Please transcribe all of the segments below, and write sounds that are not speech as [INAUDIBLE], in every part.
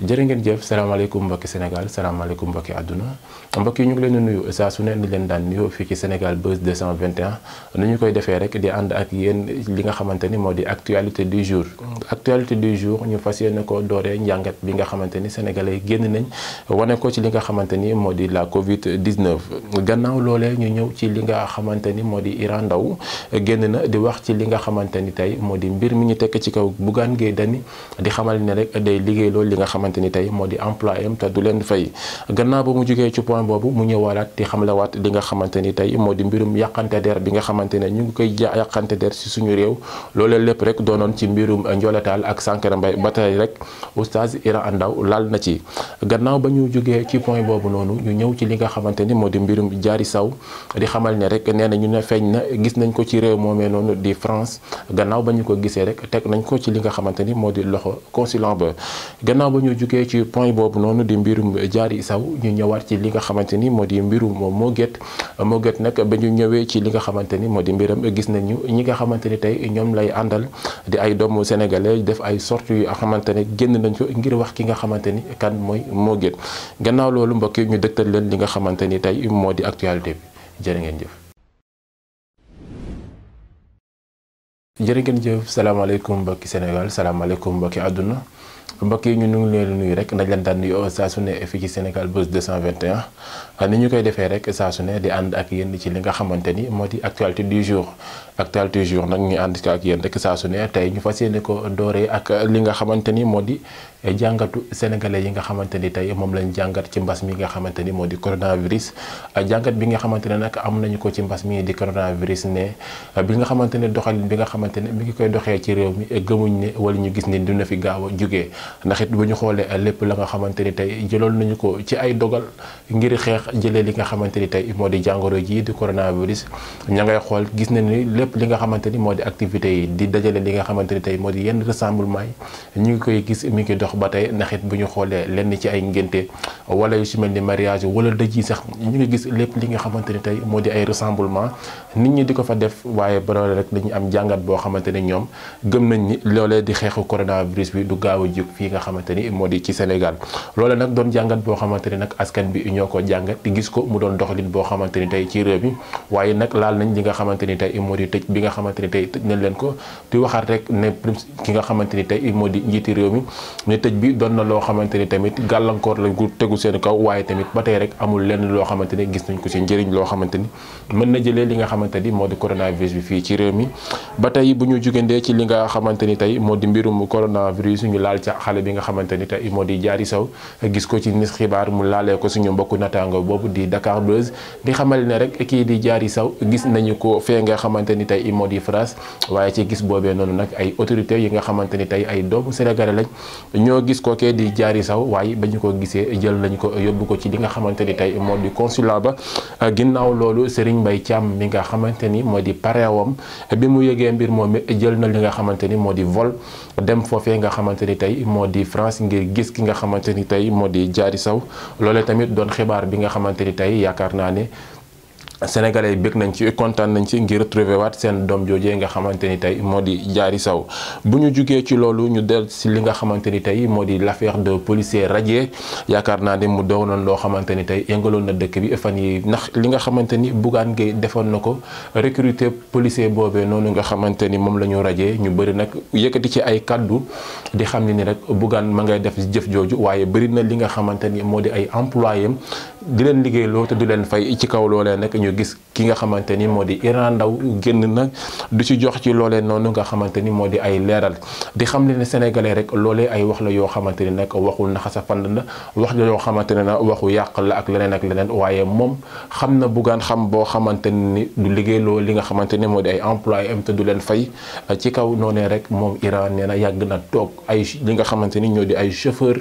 jërë ngeen jëf salaamaaleykum mbokki Sénégal salaamaaleykum mbokki àdduna mbokk yi ñu ngi leen di nuyu saa su ne di leen daan nuyoo fii ci Sénégal Buzz 221 nu ñu koy defee rek di ànd ak yéen li nga xamante ni moo di actualité du jour. actualité du jour ñu fas yéene ko dooree njàngat bi nga xamante ni sénégalais génn nañ wane ko ci li nga xamante ni moo di la Covid 19. gannaaw loolee ñu ñëw ci li nga xamante ni moo di Iran Ndao génn na di wax ci li nga xamante ni tey moo di mbir mi ñu tekk ci kaw Bougane Gueye Dany di xamal ne rek day liggéey loolu li nga xamante xamante ni tey moo di employé am te du leen fay gannaaw ba mu jógee ci point boobu mu ñëwaalaat di xamlewaat li nga xamante ni tey moo di mbirum yàqante der bi nga xamante ne ñu ngi koy ja yàqante der si suñu réew loolee lépp rek doonoon ci mbirum njoletaal ak Sankara Mbaye ba tey rek oustaz Iran Ndaw laal na ci gannaaw ba ñu jógee ci point boobu noonu ñu ñëw ci li nga xamante ni moo di mbirum jaari saw di xamal ne rek nee na ñu ne feeñ na gis nañ ko ci réew moomee noonu di France gannaaw ba ñu ko gisee rek teg nañ ko ci li nga xamante ni moo di loxo consulant ñu ci point boobu noonu di jaar yi saw ñu ñëwaat ci li nga xamante ni moo di mbirum Moguette Moguette nag ba ñu ñëwee ci li nga xamante ni moo di mbiram gis nañu ñi nga xamante ni tey ñoom lay àndal di ay doomu sénégalais def ay sorties yu xamante ne génn nañ ko ngir wax ki nga xamante ni kan mooy Moguette gannaaw loolu mbokk yi ñu dëgtal leen li nga xamante ni tey moo di actualité bi jërë ngeen jëf. jërë ngeen mbokki Sénégal salaamaaleykum mbokki àdduna. mbokk yi ñu ngi leen nuy rek ndax leen daan nuyu saa su ne fii ci Sénégal Buzz 221 Euh, ni ñu koy defee rek saa su ne di ànd ak yéen ci li nga xamante ni moo di actualité du jour actualité du jour ñu ànd ko ak yéen rek saa su tey ñu fas yéene ko dooree ak li nga xamante ni moo di jàngatu sénégalais yi nga xamante ni tey moom lañ jàngat ci mbas mi nga xamante ni moo di coronavirus jàngat bi nga xamante ne nag am nañu ko ci mbas mi di coronavirus ne bi nga xamante ne doxalin bi nga xamante ne mi ngi koy doxee ci réew mi gëmuñ ne wala ñu gis ni dina fi gaaw a jugee ndax bu ñu xoolee lépp la nga xamante ni tey jëlool nañu ko ci ay dogal ngir xeex jëlee li nga xamante ni tey moo di jàngoro ji di coronavirus ña ngay xool gis na ni lépp li nga xamante ni moo di activité yi di dajale li nga xamante ni tey moo di yenn resemblement yi ñu ngi koy gis mi ngi dox ba tey ndax it bu ñu xoolee lenn ci ay ngénte wala yu si mel ni mariage wala dëj yi sax ñu ngi gis lépp li nga xamante ni tey moo di ay resemblement nit ñi di ko fa def waaye ba loole rek dañuy am jàngat boo xamante ni ñoom gëm nañ ni loolee di xeexu coronavirus bi du gaaw a jóg fii nga xamante ni moo di ci Sénégal loole nag doon jàngat boo xamante ni nag askan bi ñoo ko jàngat di gis ko mu doon doxalin boo xamante ni tey ci réew mi waaye nag laal nañ li nga xamante ni tey moo di tëj bi xamante ni tey tëj leen ko di waxaat rek ne ki nga xamante ni tey moo di njiiti réew mi ne tëj bi doon na loo xamante ni tamit gàllankoor la gu tegu seen kaw waaye tamit ba tey rek amul lenn loo xamante ni gis nañ ko seen njëriñ loo xamante ni xamante ni moo di coronavirus bi fii ci réew mi ba tey bu ñu jugandee ci li nga xamante ni tey moo di mbirum coronavirus ñu laal ca xale bi nga xamante ni moo di jaari saw gis ko ci ko suñu mbokku nataango boobu ni tey moo di France waaye ci gis boobee noonu nag ay autorité yi nga xamante ni tey ay doomu Sénégalais lañ ñoo gis ko kee di jaari saw waaye ba ñu ko gisee jël nañu ko yóbbu ko ci li nga xamante ni tey moo di consulat ba ginnaaw loolu Serigne Mbaye Thiam mi nga xamante ni moo di pareewam bi mu yëgee mbir moom jël na li nga xamante ni moo di vol dem foofe nga xamante ni tey moo di France ngir gis ki nga xamante ni tey moo di jaari saw loole tamit doon xibaar bi nga xamante ni tey yaakaar naa ne sénégalais yi bëgg nañ ci kontaan nañ ci ngir retrouver waat seen doom joojee nga xamante ni tey moo di jaari saw bu ñu jugee ci loolu ñu del si li nga xamante ni tey moo di l'affaire de policier radié yaakaar naa ne mu doonoon loo xamante ni tey yëngaloon na dëkk bi fan yi ndax li nga xamante ni Bougane Gueye defoon na ko recruter policier boobee noonu nga xamante ni moom la ñu radié ñu bëri nag yëkkati ci ay kàddu di xam ne ni rek buggaan ma ngay def jëf jooju waaye bëri na li nga xamante ni moo di ay employé di leen liggéeyloo te du leen fay ci kaw loolee nag ñu gis ki nga xamante ni moo di Iran Ndaw génn na du si jox ci loolee noonu nga xamante ni moo di ay leeral di xam leen ne sénégalais rek loolee ay wax la yoo xamante ni nag waxul naxasa fand na wax la yoo xamante ne na waxu yàq la ak leneen ak leneen waaye moom xam na buggaan xam boo xamante ni du liggéeyloo li nga xamante ni moo di ay employé am te du leen fay ci kaw noonee rek moom Iran nee na yàgg na toog ay li nga xamante ni ñoo di ay chauffeur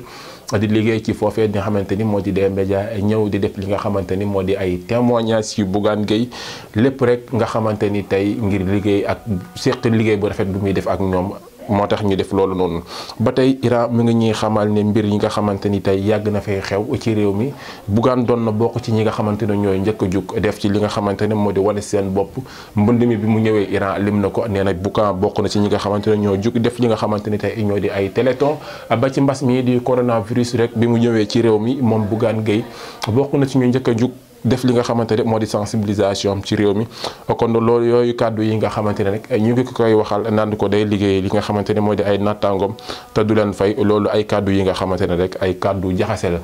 di liggéey ci foofee di nga xamante ni moo di des médias ñëw di def li nga xamante ni moo di ay témoignages yu Bougane Gueye lépp rek nga xamante ni tey ngir liggéey ak seq liggéey bu rafet bu muy def ak ñoom moo tax ñu def loolu noonu ba tey Iran mu ngi ñuy xamal ne mbir yi nga xamante ni tey yàgg na fay xew ci réew mi buggaan doon na bokk ci ñi nga xamante ne ñooy njëkk jug def ci li nga xamante ne moo di wane seen bopp mbënd mi bi mu ñëwee Iran lim na ko nee na Bougane bokk na ci ñi nga xamante ne ñoo jug def li nga xamante ni tey ñoo di ay téléthon ba ci mbas mii di coronavirus rek bi mu ñëwee ci réew mi moom buggaan Gueye bokk na ci ñu njëkk a jug def li nga xamante ne moo di sensibilisation ci réew mi kon loolu yooyu kàddu yi nga xamante ne rek ñu ngi koy waxal naan ko day liggéey li nga xamante ne moo di ay nattaangoom te du leen fay loolu ay kàddu yi nga xamante ne rek ay kàddu jaxase la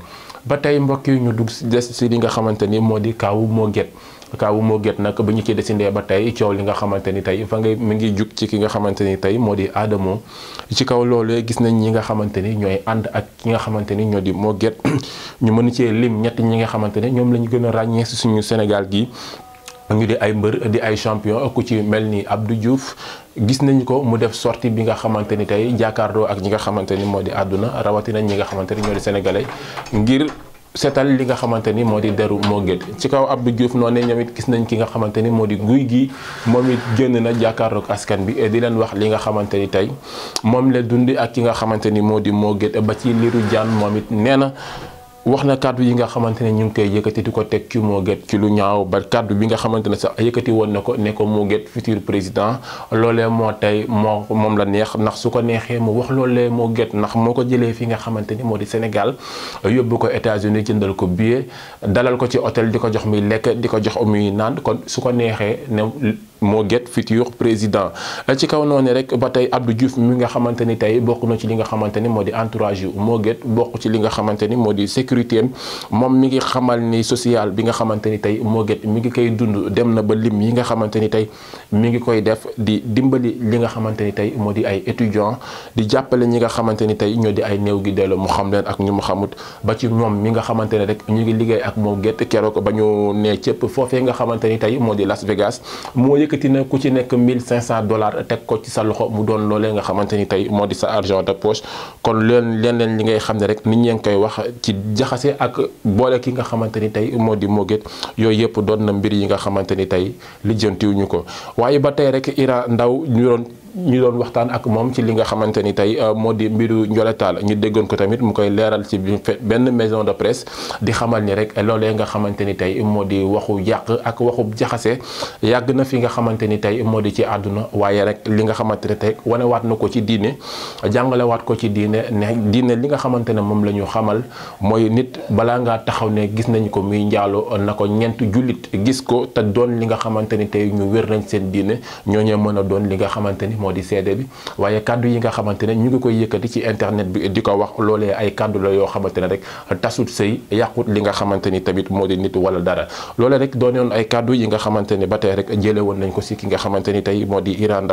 ba tey mbokk yi ñu dugg des si li nga xamante ni moo di kaawu moo gét kaawu moo gét nag ba ñu ciy desindee ba tey coow li nga xamante ni tey fa nga mu ngi jug ci ki nga xamante ni tey moo di aadamoo ci kaw loolee gis nañ ñi nga xamante ni ñooy ànd ak ki nga xamante ni ñoo di moo [CLEARS THROAT] ñu mën cee lim ñett ñi nga xamante ne ñoom la ñu gën a ràññee si suñu Sénégal gi ñu di ay mbër di ay champion ku ci mel ni Abdou juuf gis nañu ko mu def sortie bi nga xamante ni tey jàkkaarloo ak ñi nga xamante ni moo di àdduna rawatina ñi nga xamante ni ñoo di sénégalais ngir. seetal li nga xamante ni moo di deru moo gét ci kaw Abdou Diouf noonu ñoom it gis nañ ki nga xamante ni moo di guy gi moom it génn na jàkkaarloog askan bi di leen wax li nga xamante ni tey moom la dund ak ki nga xamante ni moo di moo gét ba ci liru jaan moom it nee na wax na kàddu yi nga xamante ne ñu ngi koy yëkkati di ko teg ci moo gét ci lu ñaaw ba kàddu bi nga xamante ne sax yëkkati woon na ko ne ko moo gét futur président loolee moo tey moo moom la neex ndax su ko neexee mu wax loolee moo gét ndax moo ko jëlee fi nga xamante ni moo di Sénégal yóbbu ko États-Unis jëndal ko billet dalal ko ci hôtel di ko jox muy lekk di ko jox muy naan kon su ko neexee ne moo get futur président ci kaw noonu rek ba tey Abdou Diouf mi nga xamante ni tey bokk na ci li nga xamante ni moo di entourage yu moo get bokk ci li nga xamante ni moo di sécurité moom mi ngi xamal ni social bi nga xamante ni tey moo mi ngi koy dund dem na ba lim yi nga xamante ni tey mi ngi koy def di dimbali li nga xamante ni tey moo di ay étudiants di jàppale ñi nga xamante ni tey ñoo di ay néew gi dellu mu xam leen ak ñu mu xamut ba ci ñoom mi nga xamante ne rek ñu ngi liggéey ak moo get keroog ba ñu nee cëpp foofee nga xamante ni tey moo di Las Vegas yëkkati na ku ci nekk 1500 dollars teg ko ci sa loxo mu doon loolee nga xamante ni tey moo di sa argent de poche kon leen leneen li ngay xam ne rek nit ñee ngi koy wax ci jaxase ak boole ki nga xamante ni tey moo di Mogates yooyu yëpp doon na mbir yi nga xamante ni tey lijjantiwuñu ko waaye ba tey rek Iran Ndaw ñu doon ñu doon waxtaan ak moom ci li nga xamante ni tey euh, moo di mbiru Ndiolé ñu déggoon ko tamit mu koy leeral ci benn maison de presse di xamal ni rek loolee nga xamante ni tey moo di waxu yàq ak waxu jaxase yàgg na fi nga xamante ni tey moo di ci àdduna waaye rek li nga xamante ne tey wanewaat na ko ci diine jàngalewaat ko ci diine ne diine li nga xamante ne moom la ñu xamal mooy nit balaa ngaa taxaw ne gis nañ ko muy njaalo na ko ñeent jullit gis ko te doon li nga xamante ni tey ñu wér nañ seen diine ñoo ñooñee mën a doon li nga xamante ni moo di seede bi waaye kàddu yi nga xamante ne ñu ngi koy yëkkati ci internet bi di ko wax loolee ay kàddu la yoo xamante ne rek tasut sëy yàqut li nga xamante ni tamit moo di nit wala dara loole rek doonoon ay kàddu yi nga xamante ne ba tey rek jële woon nañ ko si ki nga xamante ni tey moo di Iran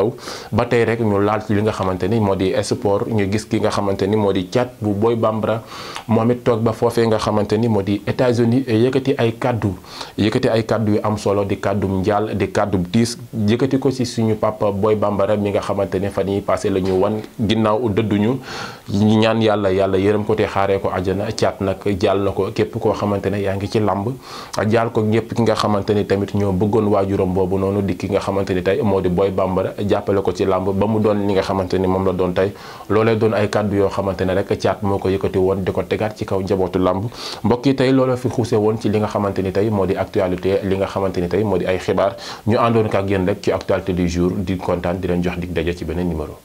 ba tey rek ñu laal ci li nga xamante ni moo di sport ñu gis ki nga xamante ni moo di cat bu booy Bambara moom it toog ba foofee nga xamante ni moo di États-Unis yëkkati ay kàddu yëkkati ay kàddu yu am solo di kàddum njaal di kàddum tiis yëkkati ko si suñu papa Boy Bambara nga xamante ne fan yi passé la ñu wan ginnaaw dëdduñu ñi ñaan yàlla yàlla yërëm ko te xaaree ko ajana caat nag jaal na ko képp koo xamante ne yaa ngi ci làmb jaal ko ñëpp ki nga xamante ni tamit ñoo bëggoon waajuram boobu noonu di ki nga xamante ni tey moo di Boy Bambara jàppale ko ci làmb ba mu doon li nga xamante ni moom la doon tey loolee doon ay kàddu yoo xamante ne rek caat moo ko yëkkati woon ko tegaat ci kaw njabootu làmb mbokk yi tey loola fi xuuse woon ci li nga xamante ni tey moo di actualité li nga xamante ni tey moo di ay xibaar ñu àndoon ak yéen rek ci actualité du jour di kontaan di leen jox dig daje ci beneen numéro